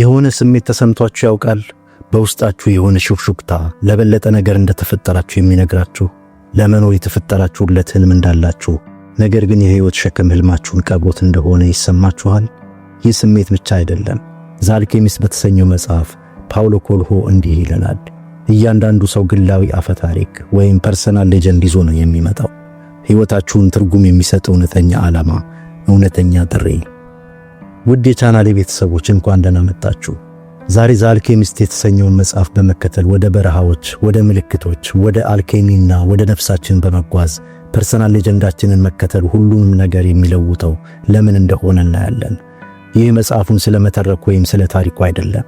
የሆነ ስሜት ተሰምቷችሁ ያውቃል? በውስጣችሁ የሆነ ሹክሹክታ ለበለጠ ነገር እንደተፈጠራችሁ የሚነግራችሁ ለመኖር የተፈጠራችሁለት ህልም እንዳላችሁ፣ ነገር ግን የህይወት ሸክም ህልማችሁን ቀቦት እንደሆነ ይሰማችኋል። ይህ ስሜት ብቻ አይደለም። ዛልኬሚስ በተሰኘው መጽሐፍ ፓውሎ ኮልሆ እንዲህ ይለናል፣ እያንዳንዱ ሰው ግላዊ አፈ ታሪክ ወይም ፐርሰናል ሌጀንድ ይዞ ነው የሚመጣው። ሕይወታችሁን ትርጉም የሚሰጥ እውነተኛ ዓላማ፣ እውነተኛ ጥሪ ውድ የቻናሌ ቤተሰቦች እንኳን ደህና መጣችሁ። ዛሬ ዘ አልኬሚስት የተሰኘውን መጽሐፍ በመከተል ወደ በረሃዎች፣ ወደ ምልክቶች፣ ወደ አልኬሚና ወደ ነፍሳችን በመጓዝ ፐርሰናል ሌጀንዳችንን መከተል ሁሉንም ነገር የሚለውጠው ለምን እንደሆነ እናያለን። ይህ መጽሐፉን ስለ መተረክ ወይም ስለ ታሪኩ አይደለም።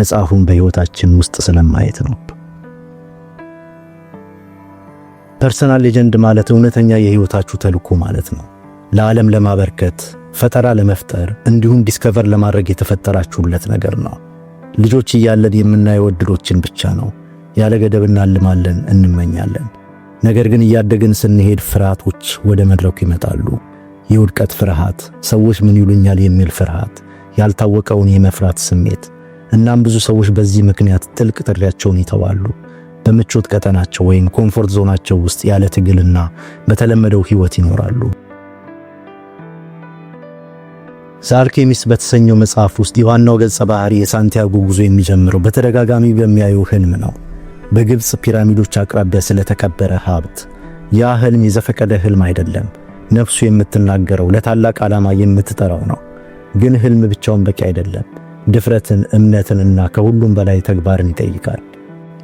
መጽሐፉን በሕይወታችን ውስጥ ስለማየት ነው። ፐርሰናል ሌጀንድ ማለት እውነተኛ የሕይወታችሁ ተልዕኮ ማለት ነው። ለዓለም ለማበርከት ፈጠራ ለመፍጠር እንዲሁም ዲስከቨር ለማድረግ የተፈጠራችሁለት ነገር ነው። ልጆች እያለን የምናየው እድሎችን ብቻ ነው። ያለ ገደብ እናልማለን፣ እንመኛለን። ነገር ግን እያደግን ስንሄድ ፍርሃቶች ወደ መድረኩ ይመጣሉ። የውድቀት ፍርሃት፣ ሰዎች ምን ይሉኛል የሚል ፍርሃት፣ ያልታወቀውን የመፍራት ስሜት። እናም ብዙ ሰዎች በዚህ ምክንያት ጥልቅ ጥሪያቸውን ይተዋሉ። በምቾት ቀጠናቸው ወይም ኮምፎርት ዞናቸው ውስጥ ያለ ትግልና በተለመደው ሕይወት ይኖራሉ። ሳልኬሚስት በተሰኘው መጽሐፍ ውስጥ የዋናው ገጸ ባህሪ የሳንቲያጎ ጉዞ የሚጀምረው በተደጋጋሚ በሚያየው ህልም ነው። በግብፅ ፒራሚዶች አቅራቢያ ስለተከበረ ሀብት። ያ ህልም የዘፈቀደ ህልም አይደለም። ነፍሱ የምትናገረው ለታላቅ ዓላማ የምትጠራው ነው። ግን ህልም ብቻውን በቂ አይደለም። ድፍረትን፣ እምነትንና ከሁሉም በላይ ተግባርን ይጠይቃል።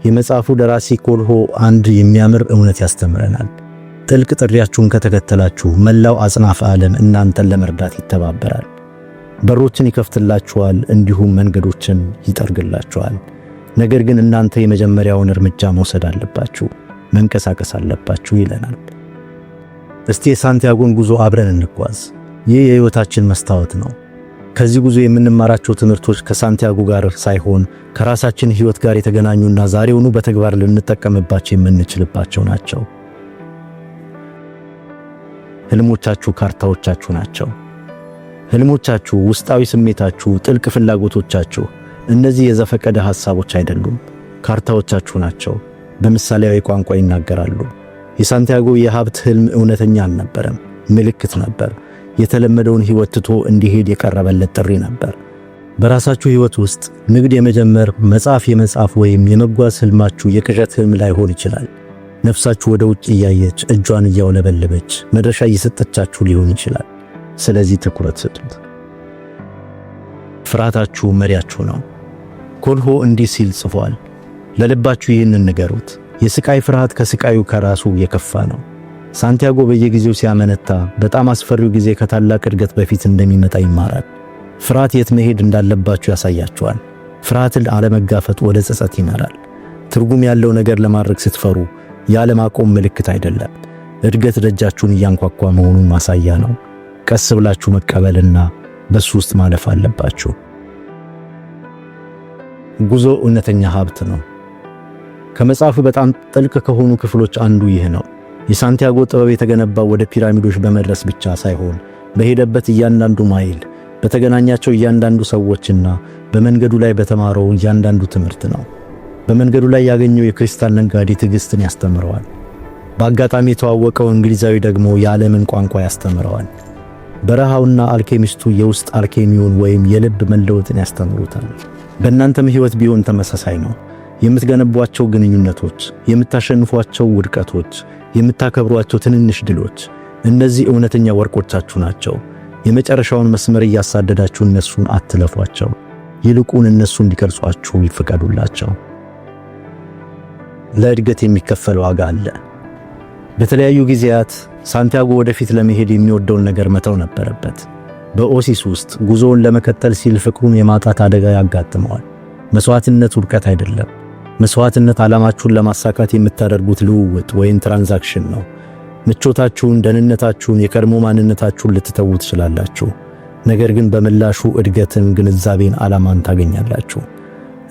የመጽሐፉ ደራሲ ኮልሆ አንድ የሚያምር እውነት ያስተምረናል። ጥልቅ ጥሪያችሁን ከተከተላችሁ መላው አጽናፍ ዓለም እናንተን ለመርዳት ይተባበራል። በሮችን ይከፍትላችኋል፣ እንዲሁም መንገዶችን ይጠርግላችኋል። ነገር ግን እናንተ የመጀመሪያውን እርምጃ መውሰድ አለባችሁ፣ መንቀሳቀስ አለባችሁ ይለናል። እስቲ የሳንቲያጎን ጉዞ አብረን እንጓዝ። ይህ የሕይወታችን መስታወት ነው። ከዚህ ጉዞ የምንማራቸው ትምህርቶች ከሳንቲያጎ ጋር ሳይሆን ከራሳችን ሕይወት ጋር የተገናኙና ዛሬውኑ በተግባር ልንጠቀምባቸው የምንችልባቸው ናቸው። ህልሞቻችሁ ካርታዎቻችሁ ናቸው። ህልሞቻችሁ፣ ውስጣዊ ስሜታችሁ፣ ጥልቅ ፍላጎቶቻችሁ እነዚህ የዘፈቀደ ሐሳቦች አይደሉም፣ ካርታዎቻችሁ ናቸው። በምሳሌያዊ ቋንቋ ይናገራሉ። የሳንቲያጎ የሀብት ህልም እውነተኛ አልነበረም፣ ምልክት ነበር። የተለመደውን ሕይወት ትቶ እንዲሄድ የቀረበለት ጥሪ ነበር። በራሳችሁ ሕይወት ውስጥ ንግድ የመጀመር መጽሐፍ የመጻፍ ወይም የመጓዝ ህልማችሁ የቅዠት ህልም ላይሆን ይችላል። ነፍሳችሁ ወደ ውጭ እያየች እጇን እያውለበለበች መድረሻ እየሰጠቻችሁ ሊሆን ይችላል። ስለዚህ ትኩረት ስጡት። ፍርሃታችሁ መሪያችሁ ነው። ኮልሆ እንዲህ ሲል ጽፏል፣ ለልባችሁ ይህንን ንገሩት፣ የስቃይ ፍርሃት ከስቃዩ ከራሱ የከፋ ነው። ሳንቲያጎ በየጊዜው ሲያመነታ በጣም አስፈሪው ጊዜ ከታላቅ እድገት በፊት እንደሚመጣ ይማራል። ፍርሃት የት መሄድ እንዳለባችሁ ያሳያችኋል። ፍርሃትን አለመጋፈጥ ወደ ጸጸት ይመራል። ትርጉም ያለው ነገር ለማድረግ ስትፈሩ ያለማቆም ምልክት አይደለም፣ እድገት ደጃችሁን እያንኳኳ መሆኑን ማሳያ ነው። ቀስ ብላችሁ መቀበልና በሱ ውስጥ ማለፍ አለባችሁ። ጉዞ እውነተኛ ሀብት ነው። ከመጽሐፉ በጣም ጥልቅ ከሆኑ ክፍሎች አንዱ ይህ ነው። የሳንቲያጎ ጥበብ የተገነባው ወደ ፒራሚዶች በመድረስ ብቻ ሳይሆን በሄደበት እያንዳንዱ ማይል፣ በተገናኛቸው እያንዳንዱ ሰዎችና በመንገዱ ላይ በተማረው እያንዳንዱ ትምህርት ነው። በመንገዱ ላይ ያገኘው የክሪስታል ነጋዴ ትዕግስትን ያስተምረዋል። በአጋጣሚ የተዋወቀው እንግሊዛዊ ደግሞ የዓለምን ቋንቋ ያስተምረዋል። በረሃውና አልኬሚስቱ የውስጥ አልኬሚውን ወይም የልብ መለወጥን ያስተምሩታል። በእናንተም ሕይወት ቢሆን ተመሳሳይ ነው። የምትገነቧቸው ግንኙነቶች፣ የምታሸንፏቸው ውድቀቶች፣ የምታከብሯቸው ትንንሽ ድሎች፣ እነዚህ እውነተኛ ወርቆቻችሁ ናቸው። የመጨረሻውን መስመር እያሳደዳችሁ እነሱን አትለፏቸው፣ ይልቁን እነሱ እንዲቀርጿችሁ ይፈቀዱላቸው ለእድገት የሚከፈል ዋጋ አለ። በተለያዩ ጊዜያት ሳንቲያጎ ወደፊት ለመሄድ የሚወደውን ነገር መተው ነበረበት። በኦሲስ ውስጥ ጉዞውን ለመከተል ሲል ፍቅሩን የማጣት አደጋ ያጋጥመዋል። መስዋዕትነት ውድቀት አይደለም። መስዋዕትነት ዓላማችሁን ለማሳካት የምታደርጉት ልውውጥ ወይም ትራንዛክሽን ነው። ምቾታችሁን፣ ደህንነታችሁን፣ የቀድሞ ማንነታችሁን ልትተዉ ትችላላችሁ። ነገር ግን በምላሹ እድገትን፣ ግንዛቤን፣ ዓላማን ታገኛላችሁ።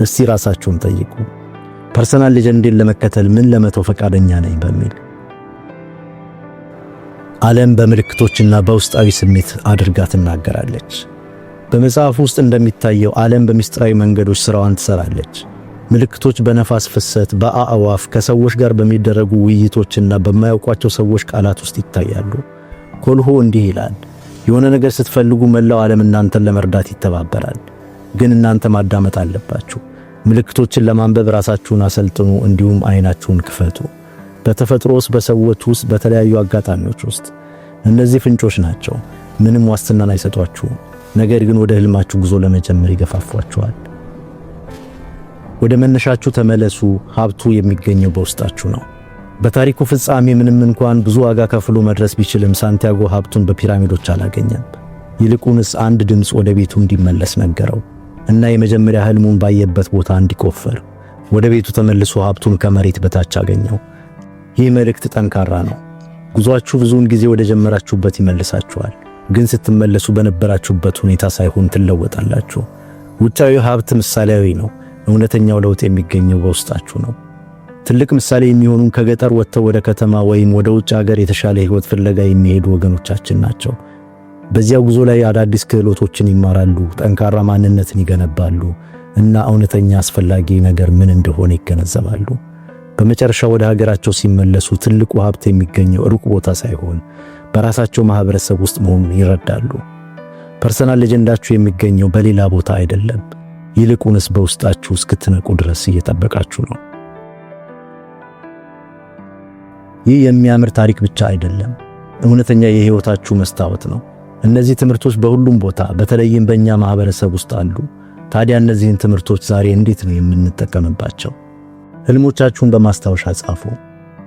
እስቲ ራሳችሁን ጠይቁ፣ ፐርሰናል ሌጀንድን ለመከተል ምን ለመተው ፈቃደኛ ነኝ በሚል ዓለም በምልክቶችና በውስጣዊ ስሜት አድርጋ ትናገራለች። በመጽሐፍ ውስጥ እንደሚታየው ዓለም በምስጢራዊ መንገዶች ሥራዋን ትሠራለች። ምልክቶች በነፋስ ፍሰት፣ በአእዋፍ ከሰዎች ጋር በሚደረጉ ውይይቶችና በማያውቋቸው ሰዎች ቃላት ውስጥ ይታያሉ። ኮልሆ እንዲህ ይላል፣ የሆነ ነገር ስትፈልጉ መላው ዓለም እናንተን ለመርዳት ይተባበራል፣ ግን እናንተ ማዳመጥ አለባችሁ። ምልክቶችን ለማንበብ ራሳችሁን አሰልጥኑ፣ እንዲሁም ዐይናችሁን ክፈቱ። በተፈጥሮ ውስጥ፣ በሰዎች ውስጥ፣ በተለያዩ አጋጣሚዎች ውስጥ እነዚህ ፍንጮች ናቸው። ምንም ዋስትናን አይሰጧችሁ፣ ነገር ግን ወደ ህልማችሁ ጉዞ ለመጀመር ይገፋፏችኋል። ወደ መነሻችሁ ተመለሱ። ሀብቱ የሚገኘው በውስጣችሁ ነው። በታሪኩ ፍጻሜ ምንም እንኳን ብዙ ዋጋ ከፍሎ መድረስ ቢችልም ሳንቲያጎ ሀብቱን በፒራሚዶች አላገኘም። ይልቁንስ አንድ ድምፅ ወደ ቤቱ እንዲመለስ ነገረው እና የመጀመሪያ ህልሙን ባየበት ቦታ እንዲቆፈር ወደ ቤቱ ተመልሶ ሀብቱን ከመሬት በታች አገኘው። ይህ መልእክት ጠንካራ ነው። ጉዟችሁ ብዙውን ጊዜ ወደ ጀመራችሁበት ይመልሳችኋል፣ ግን ስትመለሱ በነበራችሁበት ሁኔታ ሳይሆን ትለወጣላችሁ። ውጫዊ ሀብት ምሳሌያዊ ነው። እውነተኛው ለውጥ የሚገኘው በውስጣችሁ ነው። ትልቅ ምሳሌ የሚሆኑን ከገጠር ወጥተው ወደ ከተማ ወይም ወደ ውጭ ሀገር የተሻለ ሕይወት ፍለጋ የሚሄዱ ወገኖቻችን ናቸው። በዚያ ጉዞ ላይ አዳዲስ ክህሎቶችን ይማራሉ፣ ጠንካራ ማንነትን ይገነባሉ እና እውነተኛ አስፈላጊ ነገር ምን እንደሆነ ይገነዘባሉ። በመጨረሻ ወደ ሀገራቸው ሲመለሱ ትልቁ ሀብት የሚገኘው ሩቅ ቦታ ሳይሆን በራሳቸው ማህበረሰብ ውስጥ መሆኑን ይረዳሉ። ፐርሰናል ሌጀንዳችሁ የሚገኘው በሌላ ቦታ አይደለም፣ ይልቁንስ በውስጣችሁ እስክትነቁ ድረስ እየጠበቃችሁ ነው። ይህ የሚያምር ታሪክ ብቻ አይደለም፣ እውነተኛ የህይወታችሁ መስታወት ነው። እነዚህ ትምህርቶች በሁሉም ቦታ በተለይም በእኛ ማህበረሰብ ውስጥ አሉ። ታዲያ እነዚህን ትምህርቶች ዛሬ እንዴት ነው የምንጠቀምባቸው? ህልሞቻችሁን በማስታወሻ ጻፉ።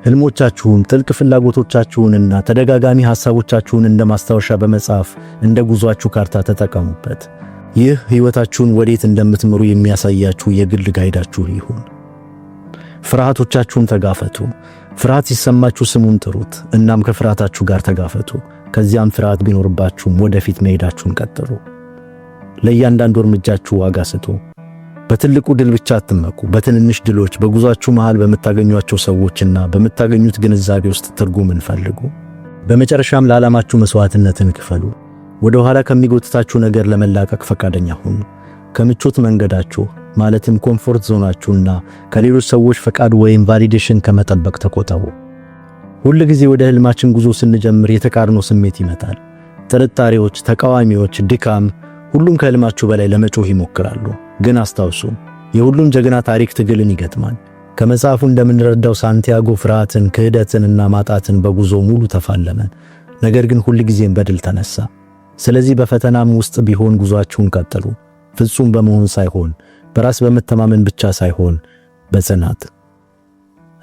ህልሞቻችሁን፣ ጥልቅ ፍላጎቶቻችሁንና ተደጋጋሚ ሐሳቦቻችሁን እንደ ማስታወሻ በመጻፍ እንደ ጉዟችሁ ካርታ ተጠቀሙበት። ይህ ህይወታችሁን ወዴት እንደምትምሩ የሚያሳያችሁ የግል ጋይዳችሁ ይሁን። ፍርሃቶቻችሁን ተጋፈቱ። ፍርሃት ሲሰማችሁ ስሙን ጥሩት፣ እናም ከፍርሃታችሁ ጋር ተጋፈቱ። ከዚያም ፍርሃት ቢኖርባችሁም ወደፊት መሄዳችሁን ቀጥሉ። ለእያንዳንዱ እርምጃችሁ ዋጋ ስጡ። በትልቁ ድል ብቻ አትመኩ። በትንንሽ ድሎች፣ በጉዟችሁ መሃል በምታገኟቸው ሰዎችና በምታገኙት ግንዛቤ ውስጥ ትርጉምን ፈልጉ። በመጨረሻም ለዓላማችሁ መስዋዕትነትን ክፈሉ። ወደ ኋላ ከሚጎትታችሁ ነገር ለመላቀቅ ፈቃደኛ ሁኑ። ከምቾት መንገዳችሁ ማለትም ኮምፎርት ዞናችሁና ከሌሎች ሰዎች ፈቃድ ወይም ቫሊዴሽን ከመጠበቅ ተቆጠቡ። ሁል ጊዜ ወደ ህልማችን ጉዞ ስንጀምር የተቃርኖ ስሜት ይመጣል። ጥርጣሬዎች፣ ተቃዋሚዎች፣ ድካም፣ ሁሉም ከህልማችሁ በላይ ለመጮህ ይሞክራሉ። ግን አስታውሱ የሁሉም ጀግና ታሪክ ትግልን ይገጥማል። ከመጽሐፉ እንደምንረዳው ሳንቲያጎ ፍርሃትን፣ ክህደትንና ማጣትን በጉዞ ሙሉ ተፋለመ። ነገር ግን ሁል ጊዜም በድል ተነሳ። ስለዚህ በፈተናም ውስጥ ቢሆን ጉዟችሁን ቀጥሉ። ፍጹም በመሆን ሳይሆን በራስ በመተማመን ብቻ ሳይሆን በጽናት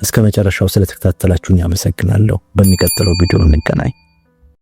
እስከ መጨረሻው ስለተከታተላችሁኝ አመሰግናለሁ። በሚቀጥለው ቪዲዮ እንገናኝ።